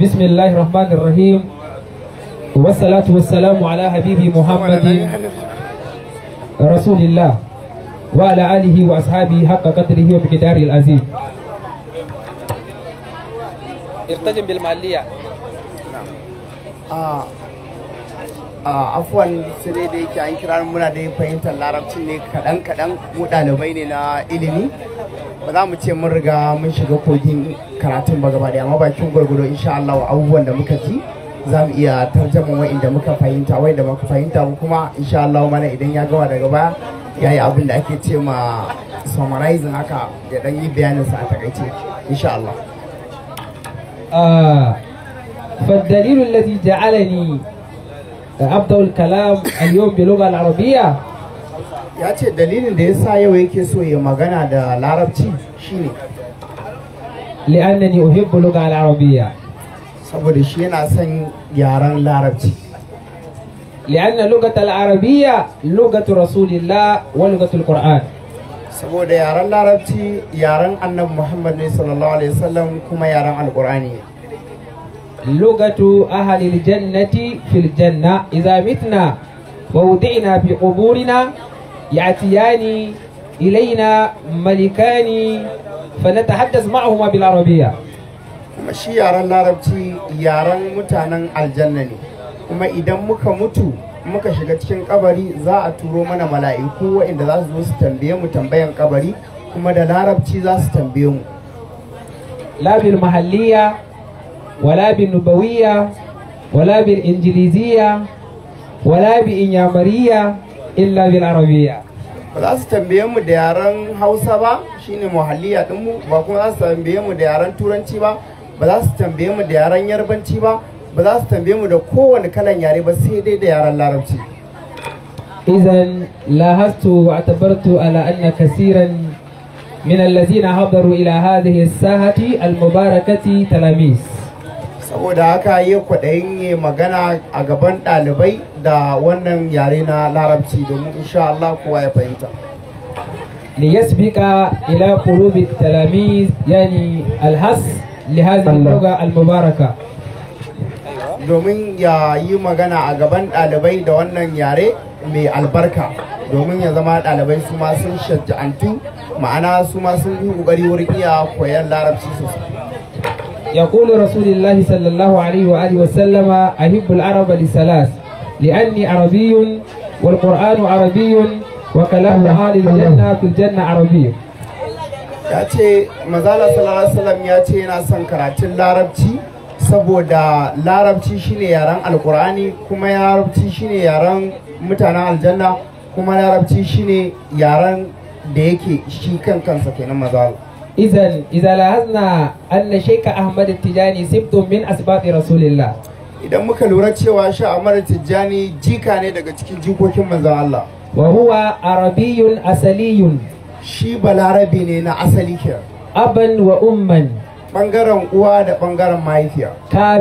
بسم الله الرحمن الرحيم والصلاة والسلام على حبيبي محمد رسول الله وعلى آله وأصحابه حق قدره وبقدار العزيز ارتجم بالمالية آه. afuwan su dai da yake an kira muna da fahimtar larabcin ne kaɗan kaɗan mu ɗalibai ne na ilimi ba za mu ce mun riga mun shiga kogin karatun ba gaba daya amma bakin gwargwado insha Allah abubuwan da muka ji za mu iya tarjama inda muka fahimta inda muka fahimta mu kuma insha Allah mana idan ya gama daga baya ya yi abin da ake ce ma summarizing haka ya dan yi bayanin sa a takaice insha Allah فالدليل الذي جعلني Da abdul kalam al-yawm bi lugha ya ce dalilin da ya sa yau yake so ya magana da larabci shi ne. shine li'annani uhibbu lugha al-arabiyya saboda shi yana son yaren larabci li'anna lughat al-arabiyya lughatu rasulillah wa lughatu al-qur'an saboda yaren larabci yaren annan muhammad ne sallallahu alaihi wasallam kuma yaren alqur'ani ne لغة أهل الجنة في الجنة إذا متنا Ilaina, في قبورنا يأتيان إلينا ملكان فنتحدث معهما بالعربية kuma shi yaren larabci yaren mutanen aljanna ne kuma idan muka mutu muka shiga cikin kabari za a turo mana mala'iku waɗanda za su zo su tambaye mu tambayan kabari kuma da larabci za su tambaye mu labil mahalliya ولا بالنبوية ولا بالإنجليزية ولا بإنيامرية إلا بالعربية ba za su hausa ba shine muhalliya dinmu ba kuma za su tambaye mu da yaren turanci ba ba za su tambaye mu da yaren yarbanci ba ba za su tambaye mu da kowane kalan yare ba sai dai da ala anna kasiran min al-lazina hadaru ila hadhihi as-sahati al-mubarakati talamis saboda haka yi kwaɗayin yi magana a gaban ɗalibai da wannan yare na larabci domin insha Allah kowa ya fahimta ليسبق إلى قلوب التلاميذ يعني الحس لهذه al-mubaraka. domin ya yi magana a gaban ɗalibai da wannan yare mai albarka domin ya zama ɗalibai su ma sun shajja'antu ma'ana su ma sun yi ƙoƙari wurin iya koyon larabci sosai يقول رسول الله صلى الله عليه وآله وسلم أحب العرب لثلاث لأني عربي والقرآن عربي وكلام أهل الجنة في الجنة عربي ya ce mazala sallallahu ya ce yana son karatun larabci saboda larabci shine yaren alkur'ani kuma larabci shine yaren mutanen aljanna kuma larabci shine yaren da yake shi kan kenan mazala إذا إذا لاحظنا أن الشيخ أحمد التجاني سبت من أسباب رسول idan muka lura cewa sha amara tijjani jika ne daga cikin jikokin manzon Allah wa huwa arabiyun asaliyun shi balarabi ne na asali ke aban wa umman bangaren uwa da bangaren mahaifiya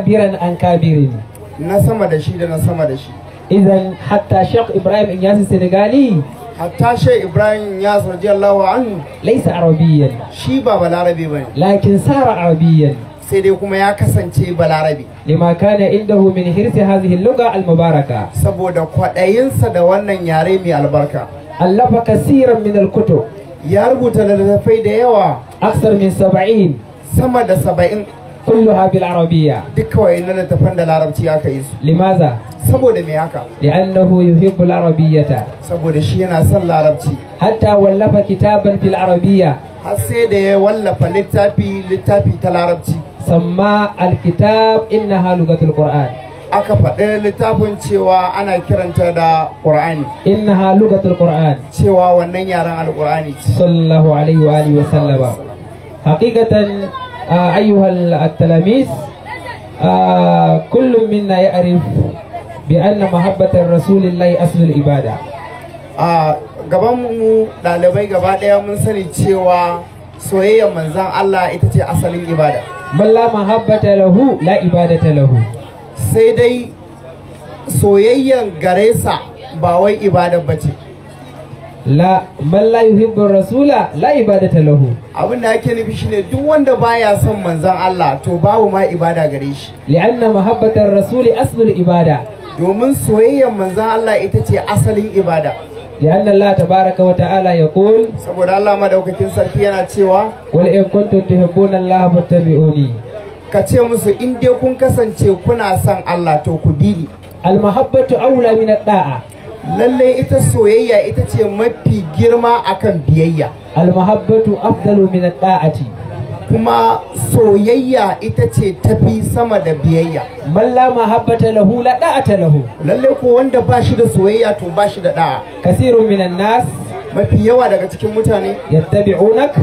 biran an kabirin na sama da shi da na sama da shi idan hatta shek ibrahim inyasi senegali hatta shi ibrahim ya radiyallahu anhu laisa arabiyan shi ba balarabe ba ne. lakin sara arabiyan sai dai kuma ya kasance balarabe lima kana indahu min hirsi hadhihi al-lugha saboda kwaɗayinsa da wannan yare mai albarka allafa kasiran min al ya rubuta littattafai da yawa aksar min saba'in sama da saba'in kulluha bil arabiyya duka wayannan tafan da larabci aka yi su limaza saboda me haka li'annahu yuhibbu al arabiyyata saboda shi yana son larabci hatta wallafa kitaban fil arabiyya har sai da ya wallafa littafi littafi ta larabci samma alkitab innaha lugatul qur'an aka faɗi littafin cewa ana kiranta da Qur'ani. Inna Cewa wannan yaren Al-Qur'ani. alaihi wa sallama. أيها التلاميذ كل منا يعرف بأن محبة الرسول الله أصل الإبادة gabanmu ɗalibai gaba ɗaya mun sani cewa soyayyar manzan Allah ita ce asalin ibada. Balla mahabbata lahu la ibadata lahu. Sai dai soyayyan garesa ba wai ibada bace. la man la yuhibbu rasula la ibadata lahu abin da ake nufi shine duk wanda baya son manzon Allah to babu ma ibada gare shi li'anna mahabbatar rasuli aslul ibada domin soyayyar manzon Allah ita ce asalin ibada لأن الله تبارك وتعالى يقول سبحان الله ما دوك تنسر كيانا تشيوا قل إن كنتم تحبون الله فاتبعوني كتير مسو إن دي كون كسان تشيو كنا سان الله تو كبيري المحبة أولى من الطاعة lallai ita soyayya ita ce mafi girma akan biyayya almahabbatu afdalu min ta'ati kuma soyayya ita ce tafi sama da biyayya malla mahabbata lahu la da'ata lahu lallai ko wanda ba shi da soyayya to ba shi da da'a kasiru minan nas mafi yawa daga cikin mutane yattabi'unak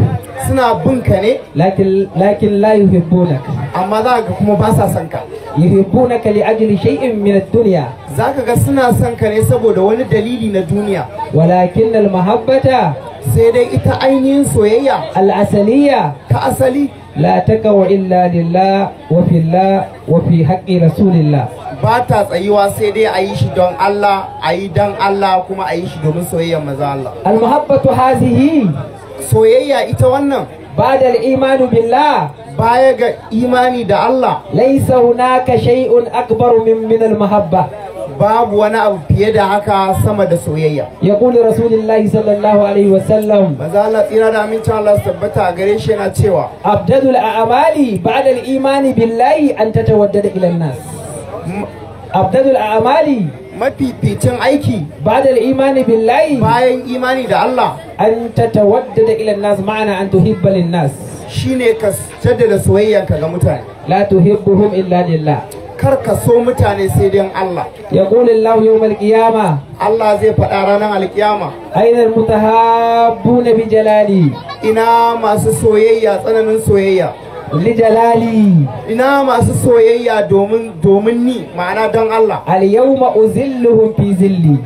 suna bin ka ne lakin lakin la yuhibbunak amma za ka kuma ba sa son ka yuhibbunak li ajli shay'in min ad-dunya za ka ga suna son ka ne saboda wani dalili na duniya walakin al-mahabbata sai dai ita ainihin soyayya al asaliyya Ka asali la takawa illa lillah wa fillah wa fi haqqi rasulillah ba ta tsayuwa sai dai a yi shi don Allah a yi don Allah kuma a yi shi domin soyayyar maza Allah almuhabbatu hazihi soyayya ita wannan ba da imanu billah baya ga imani da Allah laisa hunaka shay'un akbar min min almuhabba babu wani abu fiye da haka sama da soyayya ya kula rasulullahi sallallahu alaihi sallam. maza Allah tsira da aminci Allah tabbata a gare shi yana cewa abdadul a'amali ba'da al-imani billahi an tatawaddada ila nas abdadul amali mafificin aiki ba da imani billahi bayan imani da Allah an tatawaddada ila nas ma'ana an tuhibba lin nas shine ka jaddada soyayyanka ga mutane la tuhibbuhum illa lillah kar ka so mutane sai dai Allah ya qul Allah yawmal qiyama Allah zai faɗa ranar alkiyama aina mutahabbuna bi jalali ina masu soyayya tsananin soyayya jalali. ina masu soyayya domin ni ma'ana don Allah al yawma uzilluhum fi zilli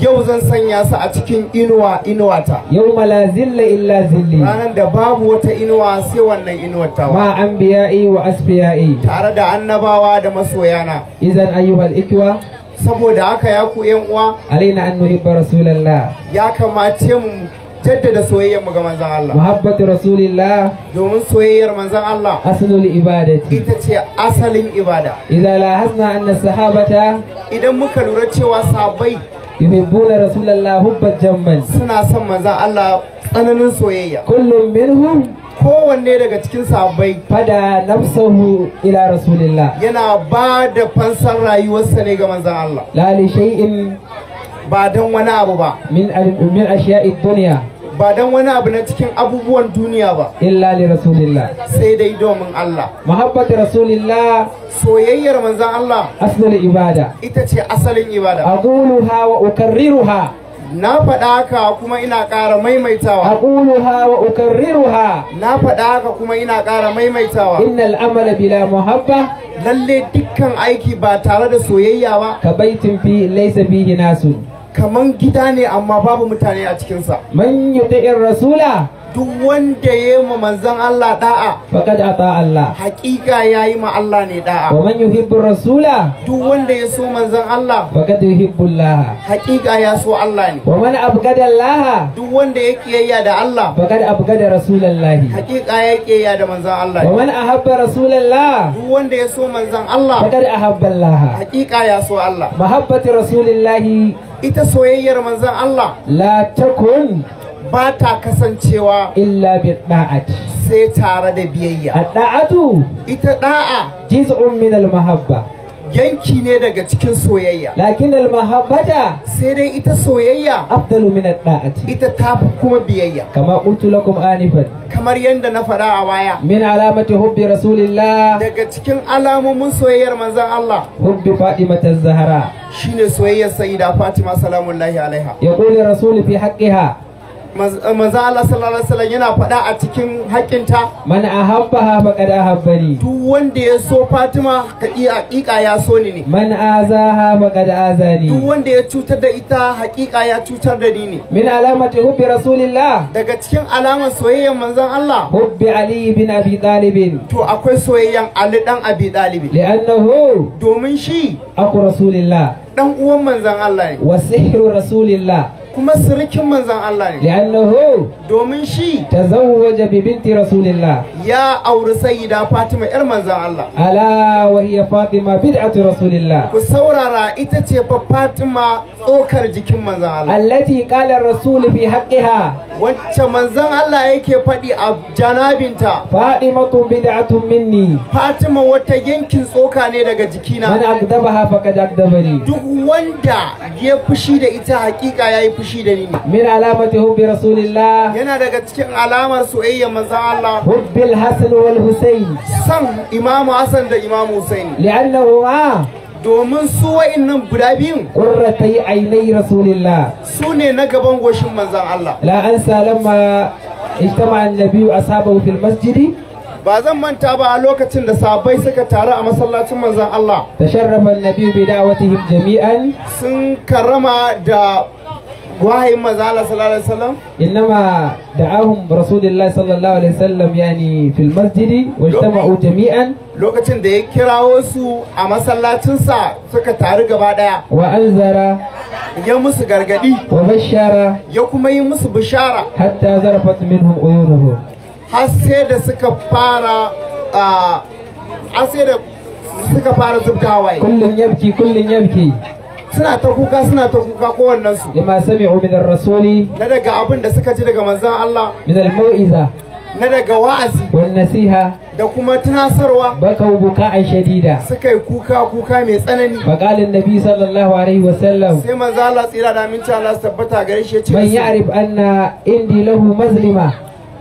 yau zan sanya su a cikin inuwa inuwata yau la zilla illa zilli ranar da babu wata inuwa sai wannan inuwar tawa ma biya wa asfiya'i tare da annabawa da masoyana idan ayyuhal ikwa saboda haka ya ku yan uwa alaina an nuhibba rasulullah ya kamace mu jaddada soyayyar mu ga manzon Allah muhabbatu rasulillah domin soyayyar manzon Allah aslul ibadati ita ce asalin ibada idan la hasna anna sahabata idan muka lura cewa sahabbai yuhibbuna rasulullah hubban jamman suna son manzon Allah tsananin soyayya kullum minhum kowanne daga cikin sahabbai fada nafsahu ila rasulillah yana ba da fansar rayuwarsa ne ga manzon Allah la li shay'in ba don wani abu ba min al-umur ashiya'i dunya ba don wani abu na cikin abubuwan duniya ba illa li rasulillah sai dai domin Allah muhabbatu rasulillah soyayyar manzon Allah asalin ibada ita ce asalin ibada aquluha wa ukarriruha na faɗa haka kuma ina ƙara maimaitawa aquluha wa ukarriruha na faɗa haka kuma ina ƙara maimaitawa innal amala bila muhabba lalle dukkan aiki ba tare da soyayya ba ka baitin fi laysa fihi nasu kaman gida ne amma babu mutane a cikinsa man yuti'ir rasula duk wanda ya yi ma manzon Allah da'a faqad ata Allah hakika yayi ma Allah ne da'a wa man yuhibbu rasula duk wanda ya so manzon Allah faqad laha. hakika ya so Allah ne wa man abgada Allah duk wanda ya kiyayya da Allah faqad abgada rasulallahi hakika ya kiyayya da manzon Allah wa man ahabba rasulallah duk wanda ya so manzon Allah faqad ahabba Allah hakika ya so Allah mahabbati rasulillahi ita soyayyar manzan Allah la takun ba ta kasancewa illa bi da'ati sai tare da biyayya da'atu ita da'a jiz'un min al mahabba yanki ne daga cikin soyayya lakin al sai dai ita soyayya afdalu min da'ati ita tafi kuma biyayya kama qultu lakum anifan kamar yanda na fara a waya min alamati hubbi rasulillah daga cikin alamomin soyayyar manzon Allah hubbi fatimata zahra shine soyayyar sayyida fatima salamullahi alaiha yaqulu rasul fi haqqiha Eh, manzo Allah sallallahu alaihi wasallam yana faɗa a cikin haƙinta man ahabbaha faqad ahabbani duk wanda ya so Fatima hakika ya so ni ne man azaha faqad azani duk wanda ya cutar da ita hakika ya cutar da ni ne min alamati hubbi rasulillah daga cikin alamar soyayyar manzon Allah hubbi ali bin abi talib to akwai soyayyan ali dan abi talib li'annahu domin shi aku rasulillah dan uwan manzon Allah ne wa sihru rasulillah kuma sirikin manzan Allah ne li'annahu domin shi tazawwaja bi binti rasulillah ya auri sayyida Fatima yar manzan Allah ala wa hiya Fatima bid'atu rasulillah ku saurara ita ce fa Fatima tsokar jikin manzan Allah allati qala rasul fi haqqiha wacce manzan Allah yake faɗi a janabinta Fatimatu bid'atun minni Fatima wata yankin tsoka ne daga jikina man agdabaha faqad agdabani duk wanda ya fushi da ita hakika yayi fushi da ni min alamati hubbi rasulillah yana daga cikin alamar soyayya manzan Allah hubbil الحسن والحسين Imam إمام حسن ده إمام حسين لأنه آه domin su wa'annan guda biyun qurratai ainai rasulillah su ne na gaban goshin manzon Allah la an salama ijtama annabi ashabahu fil masjidi ba zan manta ba a lokacin da sabai suka taru a masallacin manzon Allah. Tasharrafa Nabi bi da'watihim jami'an sun karrama da wahayin mazala sallallahu alaihi wasallam da da'ahum rasulullahi sallallahu alaihi wasallam yani fil ta wajtama'u jami'an lokacin da ya kirawo su a masallacinsa suka taru gaba daya wa anzara ya musu gargadi wa bashara ya kuma yi musu bishara hatta zarafat minhum uyunuhum har sai da suka fara a sai da suka fara zubda hawaye kullun yabki kullun yabki suna ta kuka suna ta kuka kowannen su lima sami'u min ar-rasuli na daga abin da suka ji daga manzon Allah min al muiza na daga wa'azi wan nasiha da kuma tunasarwa baka buka shadida suka yi kuka kuka mai tsanani baqalin nabi sallallahu alaihi wa sallam sai manzo Allah tsira da aminci Allah tabbata gare shi ya ce man ya'rif anna indi lahu mazlima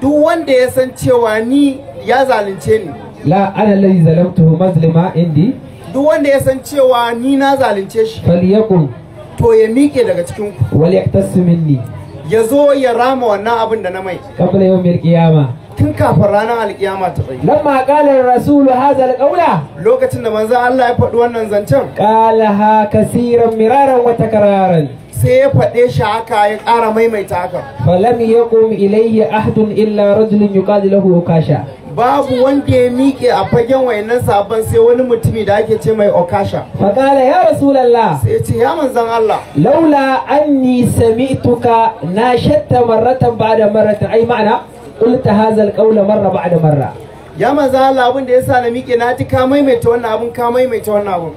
duk wanda ya san cewa ni ya zalunce ni la ana lai zalamtuhu mazlima indi duk wanda ya san cewa ni na zalunce shi falyakun to ya miƙe daga cikin ku wal yaktasu minni ya zo ya rama wannan abin da na mai qabla yawmil qiyama tun kafin ranar alkiyama ta tsaye lamma qala rasulu hadha alqawla lokacin da manzon Allah ya faɗi wannan zancen qala ha kasiran miraran wa takraran sai ya faɗe shi haka ya ƙara maimaita haka falam yaqum ilayhi ahdun illa rajulun yuqalu lahu ukasha babu wanda ya miƙe a fagen wayannan sabon sai wani mutumi da ake ce mai okasha faƙala ya rasulallah sai ce ya manzan Allah laula anni sami'tuka na shatta marratan ba'da marratan ai ma'ana qulta hazal qawla marra ba'da marra ya manzan Allah abin da yasa na miƙe na ji ka maimaita wannan abin ka maimaita wannan abin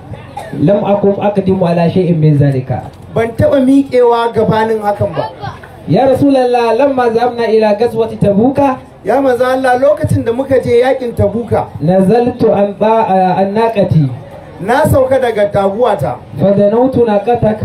lam akum aqdimu ala shay'in min zalika ban taba miƙewa gabanin hakan ba ya rasulallah lamma zamna ila gazwati tabuka ya maza Allah lokacin da muka je yakin tabuka nazaltu an ba an naqati na sauka daga taguwata fadanautu naqatak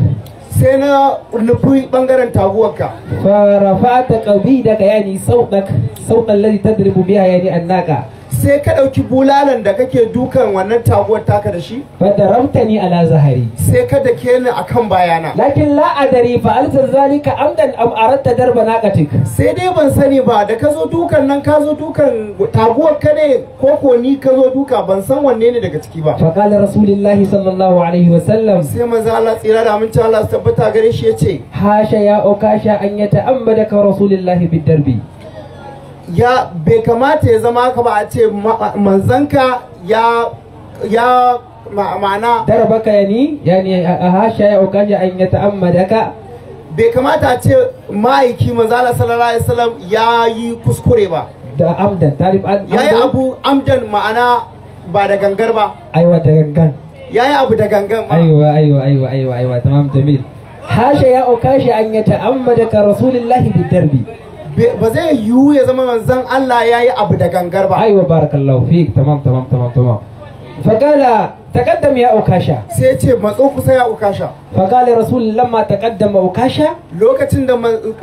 sai na nufi bangaren taguwarka fa rafa'ta qabidaka yani sauqak sauqan ladhi tadribu biha yani annaka sai ka ɗauki bulalan da kake dukan wannan taguwar taka da shi? Fadarauta ni ala zahari. Sai ka da ke ni akan bayana. Lakin la'adari fa alta zalika amdan am aratta darba naqatik. Sai dai ban sani ba da ka zo dukan nan ka zo dukan taguwar ka ne ko ko ni ka zo duka ban san wanne ne daga ciki ba. Fa qala rasulullahi sallallahu alaihi wa sallam. Sai maza Allah tsira da aminci Allah tabbata gare shi ce. Hasha ya okasha an yata amma da ka rasulullahi bidarbi. ya bai kamata ya zama ka ba a ce manzanka ya ya ma'ana darabaka ya ni a hasha ya ukaja an ya daga bai kamata a ce ma'aiki manzala sallallahu alaihi wasallam ya yi kuskure ba da amdan tarif an ya yi abu amdan ma'ana ba da gangar ba aiwa da gangan ya yi abu da gangan ba aiwa aiwa aiwa aiwa aiwa tamam tamil hasha ya ukashi an ya ta'ammadaka rasulullahi darbi ba zai yiwu ya zama manzon Allah ya yi abu da gangar ba. Aiwa barakallahu fiik tamam tamam tamam tamam. Fakala takaddam ya ukasha. Sai ce matso kusa ya ukasha. Fakala rasulun lamma takaddam ukasha. Lokacin da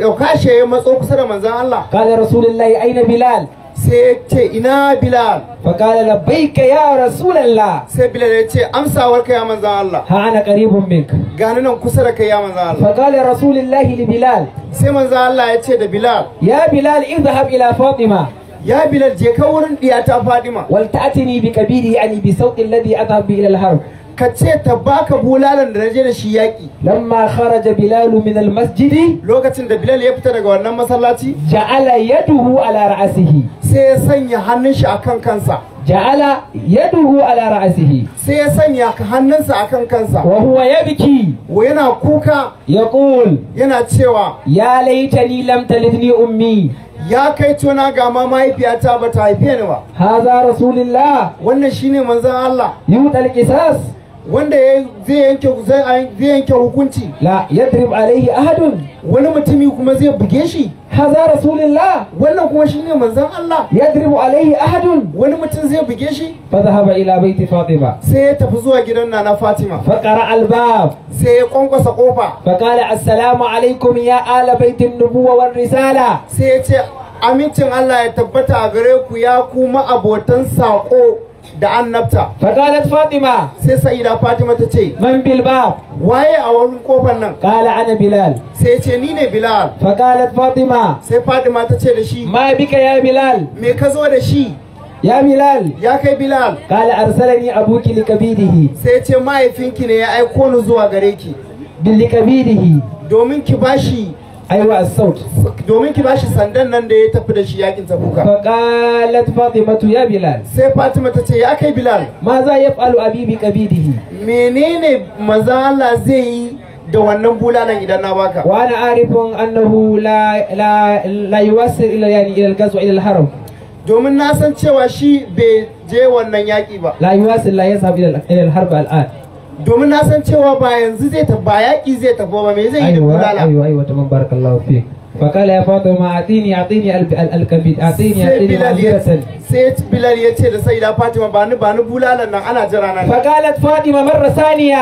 ukasha ya matso kusa da manzon Allah. Kala rasulun lai aina bilal. sai ce ina bilal faƙala labbaika ya rasulallah sai bilal ya ce amsawar ka ya manza Allah ha ana qaribun mink gani nan kusa da kai ya manza Allah faƙala rasulullah li bilal sai manza Allah ya ce da bilal ya bilal in idhhab ila fatima ya bilal je ka wurin ta fatima wal ta'tini bi kabiri yani bi sauti alladhi adhhab bi ila al-harb ka ce ta baka bulalan da naje da shi yaki lamma kharaja bilal min al masjidi lokacin da bilal ya fita daga wannan masallaci ja'ala yaduhu ala ra'sihi sai ya sanya hannun shi akan kansa ja'ala yaduhu ala ra'sihi sai ya sanya hannunsa akan kansa wa huwa yabki wa yana kuka yaqul yana cewa ya laitani lam talidni ummi ya kai tona ga ma mahaifiyata ba ta haife ni ba haza rasulillah wannan shine manzon Allah Yu qisas wanda zai yanke zai yanke hukunci la yadrib alaihi ahadun wani mutumi kuma zai buge shi haza rasulullah wannan kuma shine manzon Allah yadrib alaihi ahadun wani mutum zai buge shi fa zahaba ila baiti fatima sai ya tafi zuwa gidan nana fatima fa qara albab sai ya kwankwasa kofa fa qala assalamu alaikum ya ala baiti nubuwa war risala sai ya ce amincin Allah ya tabbata a gare ku ya kuma abotan sako da annabta faqalat fatima sai sayyida fatima ta ce man bilba waye a wurin kofar nan qala ana bilal sai ce ni ne bilal faqalat fatima sai fatima ta ce da shi ma bika ya bilal me ka zo da shi ya bilal ya kai bilal qala arsalani abuki likabidihi sai ce mahaifinki ne ya aiko ni zuwa gare ki likabidihi domin ki bashi aiwa as-saut domin ki bashi sandan nan da ya tafi da shi yakin tabuka fa qalat fatimatu ya bilal sai fatima ta ce ya kai bilal ma za yaf'alu abi bi qabidihi menene maza Allah zai yi da wannan bulalan idan na baka wa ana arifun annahu la la la yuwasil ila yani ila al-ghazw ila al-haram domin na san cewa shi bai je wannan yaki ba la yuwasil la yasa ila al-harb domin na san cewa ba yanzu zai ta ba yaƙi zai tafi ba me zai yi da bulala aiwa aiwa ta man barakallahu fi فقال يا فاطمة أعطيني أعطيني الكبد أعطيني أعطيني معلبة سيت بلال يتي لسيدة فاطمة بانو باني بولالا أنا جرانا فقالت فاطمة مرة ثانية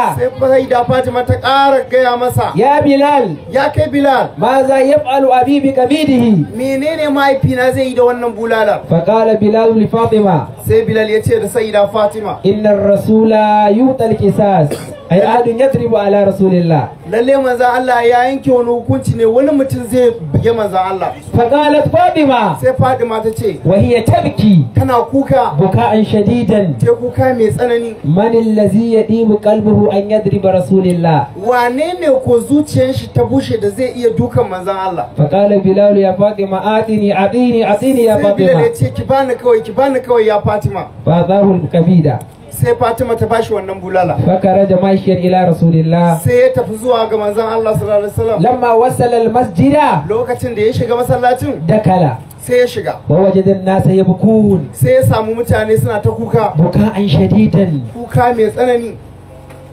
سيدة فاطمة تقارك يا مسا يا بلال يا كي بلال ماذا يفعل أبي بكبده منين ما يبينا زيدة ونن بولالا فقال بلال لفاطمة سيد بلال يتي لسيدة فاطمة إن الرسول يوطى الكساس ai adun yadribu ala rasulillah lalle manzo Allah ya yanke wani hukunci ne wani mutum zai buge manzo Allah fa qalat fatima sai fatima ta ce wa hiya tabki kana kuka buka'an shadidan Ta kuka mai tsanani man allazi yadimu qalbuhu an yadriba rasulillah wane ne ko zuciyar shi ta bushe da zai iya dukan manzo Allah fa qala bilal ya fatima atini atini atini ya fatima bilal ya ce ki bani kawai ki bani kawai ya fatima fa zahul kabida sai Fatima ta bashi wannan bulala fakara da mashiyar ila rasulillah sai ya tafi zuwa ga manzon Allah sallallahu alaihi wasallam lamma wasala al masjida lokacin da ya shiga masallacin da kala sai ya shiga wa wajadan nasa yabkun sai ya samu mutane suna ta kuka buka an shadidan kuka mai tsanani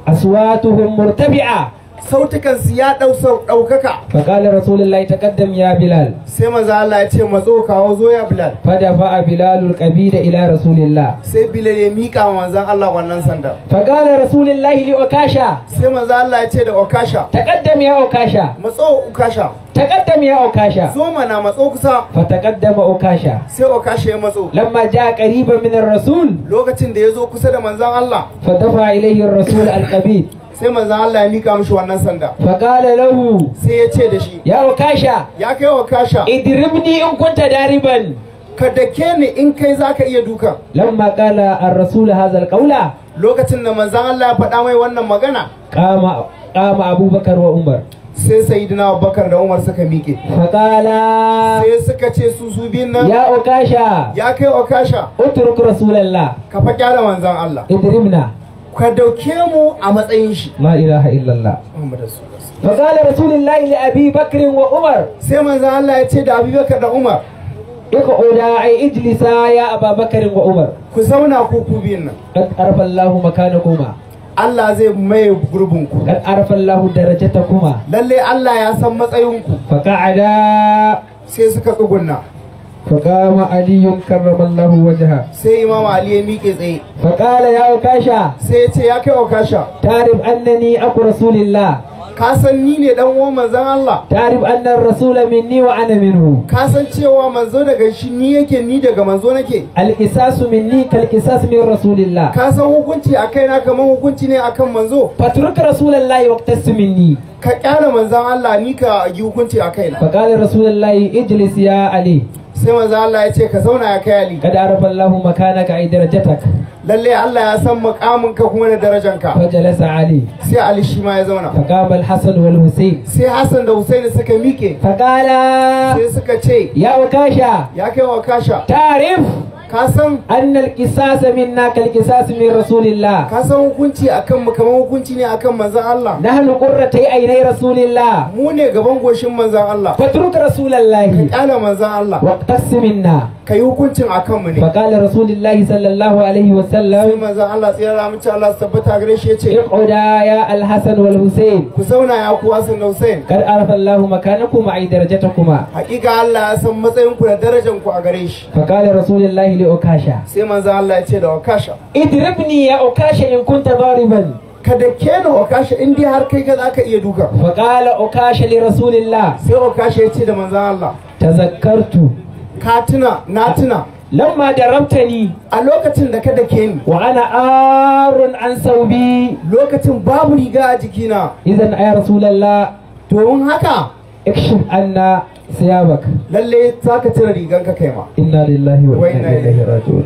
aswatuhum murtabi'a sautukansu ya daukaka ɗaukaka. qala Rasulullahi taqaddam ya Bilal. Sai maza Allah ya ce matso kawo zo ya Bilal. da fa Bilalul da ila Rasulillah. Sai Bilal ya miƙa wa manzan Allah wannan sanda. qala Rasulullahi li ukasha Sai maza Allah ya ce da ukasha Ta ya ukasha Matso Okasha. Ta kaddam ya ukasha Zo mana matso kusa. Fa ta ukasha Sai ukasha ya matso. Lamma ja qariban min Rasul. Lokacin da ya zo kusa da manzan Allah. Fa dafa ilayhi Rasul al sai manzo Allah ya mika mishi wannan sanda fa qala lahu sai ya ce da shi ya wakasha ya kai wakasha idribni in kunta dariban ka dake ni in kai zaka iya duka lamma qala ar-rasul hadha al-qawla lokacin da manzo Allah ya faɗa mai wannan magana qama qama abubakar wa umar sai sayyidina abubakar da umar suka miƙe faƙala sai suka ce su su biyun nan ya okasha ya kai okasha utruk rasulullah ka fa kyara manzo Allah idribna ka dauke mu a matsayin shi la ilaha illallah fa qala rasulullahi li abi bakr wa umar sai manzo Allah ya ce da abi bakr da umar oda ai ijlisa ya bakr wa umar ku zauna ku ku biyun nan qad arafa Allahu makanakuma Allah zai maye gurbin ku qad arfallahu darajata darajatakuma lalle Allah ya san matsayin ku fa qa'ada sai suka tsugunna فقام علي كرم الله وجهه سي امام علي ميكي تsaye فقال يا اوكاشا سي ce ya kai اوكاشا تعرف انني اخو رسول الله ka san ni ne dan uwan manzon Allah tarif annar rasula minni wa ana ka san cewa manzo daga shi ni yake ni daga manzo nake al qisasu minni kal qisas min rasulillah ka san hukunci akai na kaman hukunci ne akan manzo fatruk rasulullahi waqtasu minni ka kyale manzon Allah ni ka yi hukunci akai na fa qala rasulullahi ijlis ya ali sai manzo Allah ya ce ka zauna ya kai Ali kada arafa Allahu makanaka ay darajatak lalle Allah ya san makamin ka kuma da darajanka fa jalasa Ali sai Ali shi ma ya zauna fa qabal Hasan wal Husayn sai Hasan da Husayn suka mike fa kala. sai suka ce ya wakasha ya kai wakasha tarif Kasan annal qisas minna kal qisas min rasulillah Kasan hukunci akan mu kamar hukunci ne akan manzon Allah nahnu qurratu aynai rasulillah mu ne gaban goshin manzon Allah fatruk rasulillah ka kyala manzon Allah wa minna kai hukuncin akan mu ne fa qala rasulillah sallallahu alaihi wa sallam sai manzon Allah tsira ya mutu Allah tabbata gare shi yace qoda ya al-hasan wal husain ku zauna ya ku hasan da husain kar arafa Allah makanakum ai darajatakum haqiqa Allah ya san matsayinku da darajanku a gare shi fa qala rasulillah li okasha sai manzo Allah ya ce da okasha idribni ya okasha in kunta dariban kada dake ni okasha in dai har kai ka zaka iya duka fa qala okasha li rasulillah sai okasha ya ce da manzo Allah tazakkartu ka tuna na tuna lamma darabtani a lokacin da ka dake ni wa ana arun an saubi lokacin babu riga a jikina idan ay rasulullah mun haka ikshif anna sai ya baka za ka cire rigan kai ma inna lillahi wa inna ilaihi raji'un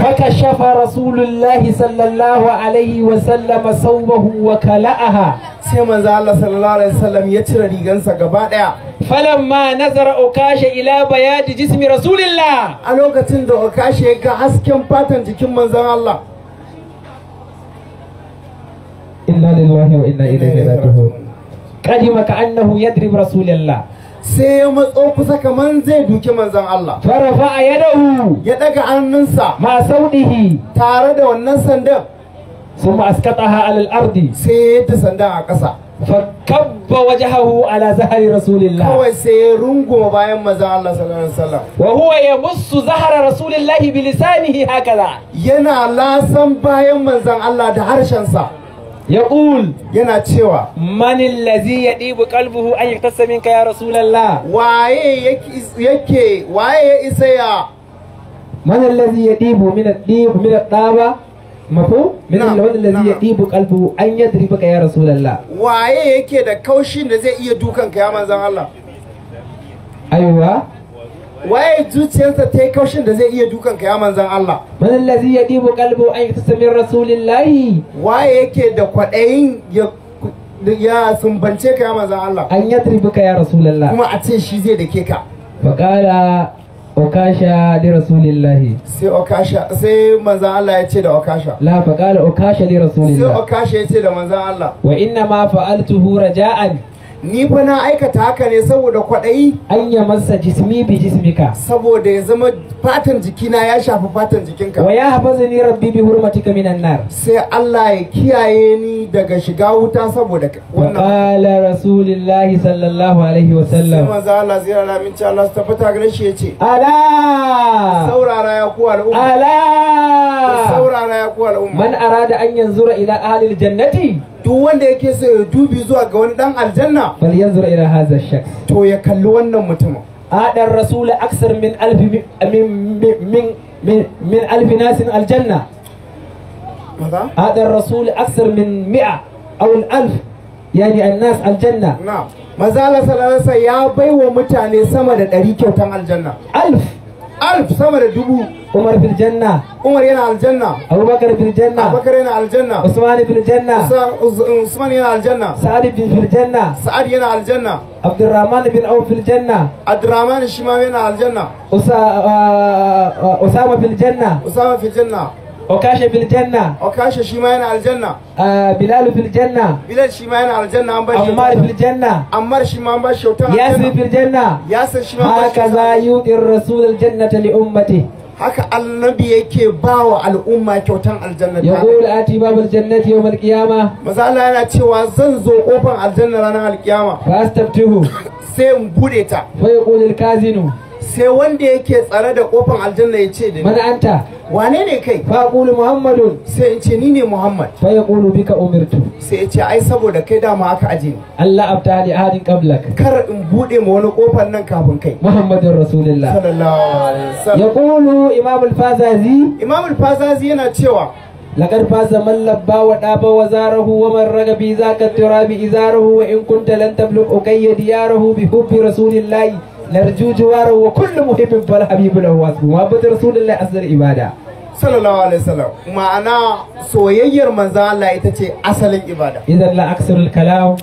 haka shafa rasulullahi sallallahu alaihi wa sallama sawbahu wa kala'aha sai manzo Allah sallallahu alaihi wasallam ya cire rigansa gaba daya falamma nazara ukasha ila bayad jismi rasulillah a lokacin da ukasha ga hasken fatan jikin manzo Allah inna lillahi wa inna ilaihi raji'un kalima ka annahu yadrib rasulillah sai matso kusa kamar zai duki manzon Allah farafa a yadahu ya ɗaga annansa ma saudihi tare da wannan sandan sun askataha ala al-ardi sai ya yadda sandan a kasa fakabba wajahahu ala zahari rasulillah kawai sai ya rungo bayan manzon Allah sallallahu alaihi wasallam wa huwa yamussu zahara rasulillah bi lisanihi hakala yana lasan bayan manzon Allah da harshen sa Ya ul. yana cewa man allazi ɗibu qalbuhu an yaktasa minka ya rasulullah waye yake waye ya isa ya Manin allazi yadibu min ad-dib min ad-daba mafu min al-wad allazi yadibu qalbuhu an yadribaka ya rasulullah waye yake da kaushin da zai iya dukan ka ya manzon Allah aiwa waye zuciyarsa ta yi kaushin da zai iya dukan ka ya manzan Allah man allazi yadibu qalbu an yatasammi rasulillahi waye yake da kwadayin ya ya sumbance ka ya manzan Allah an ka ya rasulullah kuma a ce shi zai dake ka faqala okasha li rasulillahi sai okasha sai manzan Allah ya ce da okasha la faqala okasha li rasulillahi sai okasha ya ce da manzan Allah wa inna ma fa'altuhu raja'an ni fa na aikata haka ne saboda kwaɗayi an ya masa jismi bi jismika saboda ya zama fatan jikina ya shafi fatan jikinka wa ya hafaza ni rabbi bi hurmatika minan nar sai Allah ya kiyaye ni daga shiga wuta saboda wannan qala rasulullah sallallahu alaihi wa sallam sai manzo Allah zai rana min ci Allah tabbata gare shi yace ala saurara ya ku al'umma ala saurara ya ku al'umma man arada an yanzura ila ahli aljannati duk wanda yake so ya dubi zuwa ga wani dan aljanna bal yanzur ila hadha shakhs to ya kalli wannan mutumin adar rasul aksar min alfi min min min alfi nasin aljanna adar rasul aksar min mi'a aw alf yani annas aljanna na'am mazala Allah sallallahu alaihi ya baiwa mutane sama da 100 kyautan aljanna alf ألف سمر دبو عمر في الجنة عمر ينا الجنة أبو بكر في الجنة أبو بكر ينا الجنة عثمان في الجنة عثمان ينا الجنة سعد في الجنة سعد ينا الجنة عبد الرحمن بن عوف في الجنة عبد الرحمن الشمامي ينا الجنة أسامة في الجنة أسامة في الجنة Okashe fil janna Okashe shi ma yana aljanna ah, Bilal fil janna Bilal shi ma yana aljanna an bashi Ammar fil janna Ammar shi ma an bashi aljanna Yasir fil janna Yasir shi ma an bashi hakaza yudir rasul al jannata li ummati haka annabi yake ba wa al'umma kyautan aljanna ya qul ati babal jannati yawm al qiyama maza Allah yana cewa zan zo kofar aljanna ranar al qiyama fastaftihu sai in bude ta fa yaqul al kazinu sai wanda yake tsare da kofan aljanna ya ce da ni anta wane ne kai fa qulu muhammadun sai in ce ni ne muhammad fa yaqulu bika umirtu sai ya ce ai saboda kai dama aka aje ni allah abtali hadin qablak kar in bude ma wani kofan nan kafin kai muhammadur rasulullah sallallahu alaihi wasallam yaqulu imam al-fazazi imam al-fazazi yana cewa لقد فاز من لبى وداب وزاره ومن رغب ذاك التراب إزاره وإن كنت لن تملك أكي دياره بحب رسول الله نرجو جواره وكل محب فالحبيب له واسمه محبة رسول الله أصل العبادة sallallahu alaihi wasallam ma'ana soyayyar manzo Allah ita ce asalin ibada idan la aksarul kalam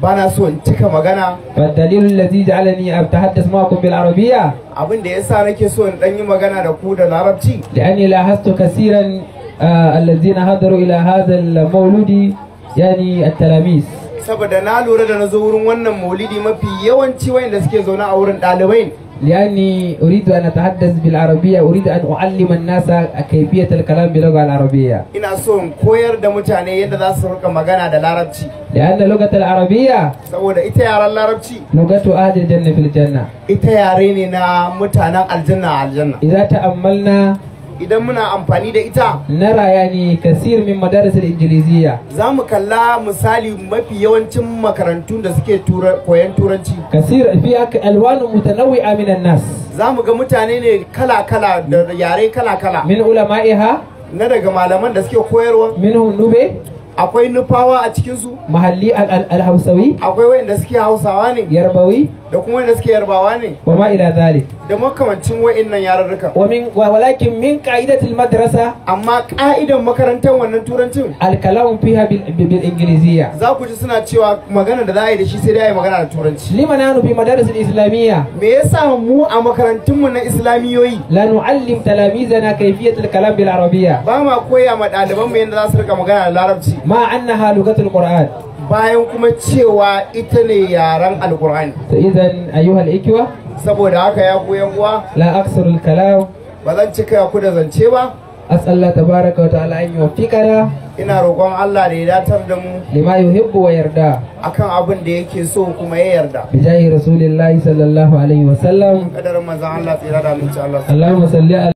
bana so in cika magana fa dalilul ladzi ja'alani atahaddath ma'akum bil arabiyya abin da yasa nake so in dan yi magana da ku da larabci Da la'anni lahastu kaseeran alladhina hadaru ila hadha al mawludi yani at-talamis Saboda na lura da na zo wurin wannan maulidi mafi yawanci ciwon da suke zauna a wurin ɗalibai. Iyanni wuri da ana tahaddar bilkabin arabe a wuri da ƙwallon nasa ake biya kalkalin bilkabin arabe. Ina so in koyar da mutane yadda za su rika magana da larabci. Iyanda lokacin arabe. Saboda ita yaren larabci. Nugatu aje janye filjanna. Ita yare ne na mutanen aljanna a aljanna. Iza ta an idan muna amfani da ita na rayani kasir min madarasar injiliziya za mu kalla misali mafi yawancin makarantun da suke koyan turanci kasir fi alwanu mutanawi aminan nas za mu ga mutane ne kala-kala da yare kala-kala min ulama'iha na daga malaman da suke koyarwa min nube akwai nufawa a cikinsu mahalli alhausawi akwai da suke hausawa ne yarbawi da kuma da suke yarbawa ne wa ma ila zalik da makamancin wayannan yararruka wa min walakin min qa'idatil madrasa amma qa'idan makarantar wannan turancin alkalam fiha bil ingiliziya za ku ji suna cewa magana da za a yi da shi sai dai a yi magana da turanci liman nanu fi madarisil islamiyya me yasa mu a makarantun mu na islamiyoyi la nu'allim talamizana kayfiyatul kalam bil arabiyya ba ma koya ma daliban mu yadda za su rika magana da larabci ma annaha lugatul qur'an bayan kuma cewa ita ne yaren alqur'ani to idan ayyuhal ikwa saboda haka ya ku yan uwa la aksarul kalam ba zan cika ku da zance ba asalla tabaraka wa ta'ala an yuwaffiqana ina roƙon Allah da ya datar da mu lima yuhibbu wa yarda akan abin da yake so kuma ya yarda bijahi rasulillahi sallallahu alaihi wa sallam kadar manzon Allah tsira da aminci Allah Allahumma salli